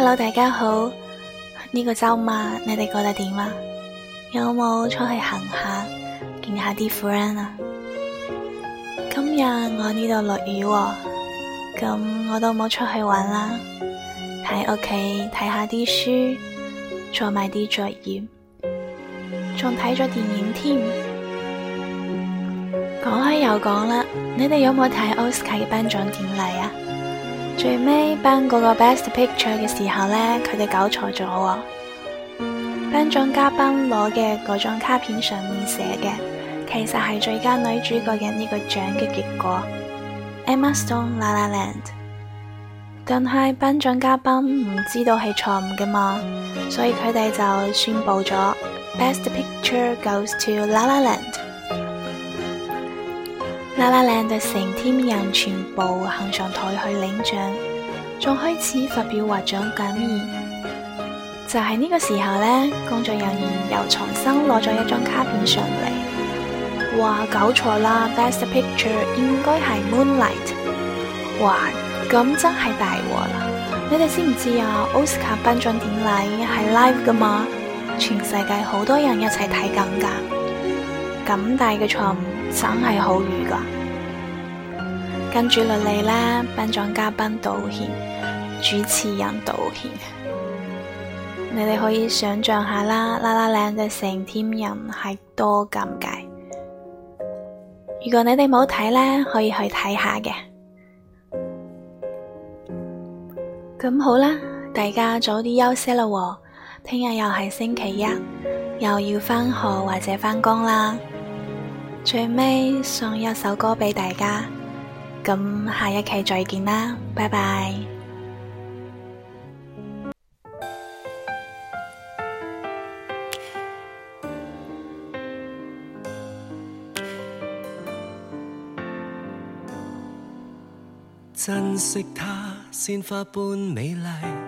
Hello，大家好！呢個周末你哋過得點啊？有冇出去行下見下啲 friend 啊？今日我呢度落雨，哦，咁我都冇出去玩啦。喺屋企睇下啲書，做埋啲作業，仲睇咗電影添。講開又講啦，你哋有冇睇奧斯卡嘅頒獎典禮啊？最尾頒嗰個 Best Picture 嘅時候呢，佢哋搞錯咗。頒獎嘉賓攞嘅嗰張卡片上面寫嘅，其實係最佳女主角嘅呢個獎嘅結果。Emma Stone La La Land，但係頒獎嘉賓唔知道係錯誤嘅嘛，所以佢哋就宣布咗 Best Picture goes to La La Land。啦啦！靚到成 team 人全部行上台去領獎，仲開始發表獲獎感言。就喺呢個時候呢，工作人員又重新攞咗一張卡片上嚟，哇搞錯啦，Best Picture 應該係 Moonlight。哇！咁真係大鑊啦！你哋知唔知啊？Oscar 頒獎典禮係 live 噶嘛？全世界好多人一齊睇緊噶，咁大嘅錯誤！真係好瘀噶，跟住落嚟啦，頒獎嘉賓道歉，主持人道歉，你哋可以想象下啦，啦啦嶺嘅成 team 人係多尷尬。如果你哋冇睇咧，可以去睇下嘅。咁好啦，大家早啲休息啦哦，聽日又係星期一，又要翻學或者翻工啦。最尾送一首歌畀大家，咁下一期再見啦，拜拜！珍惜它，鮮花般美麗。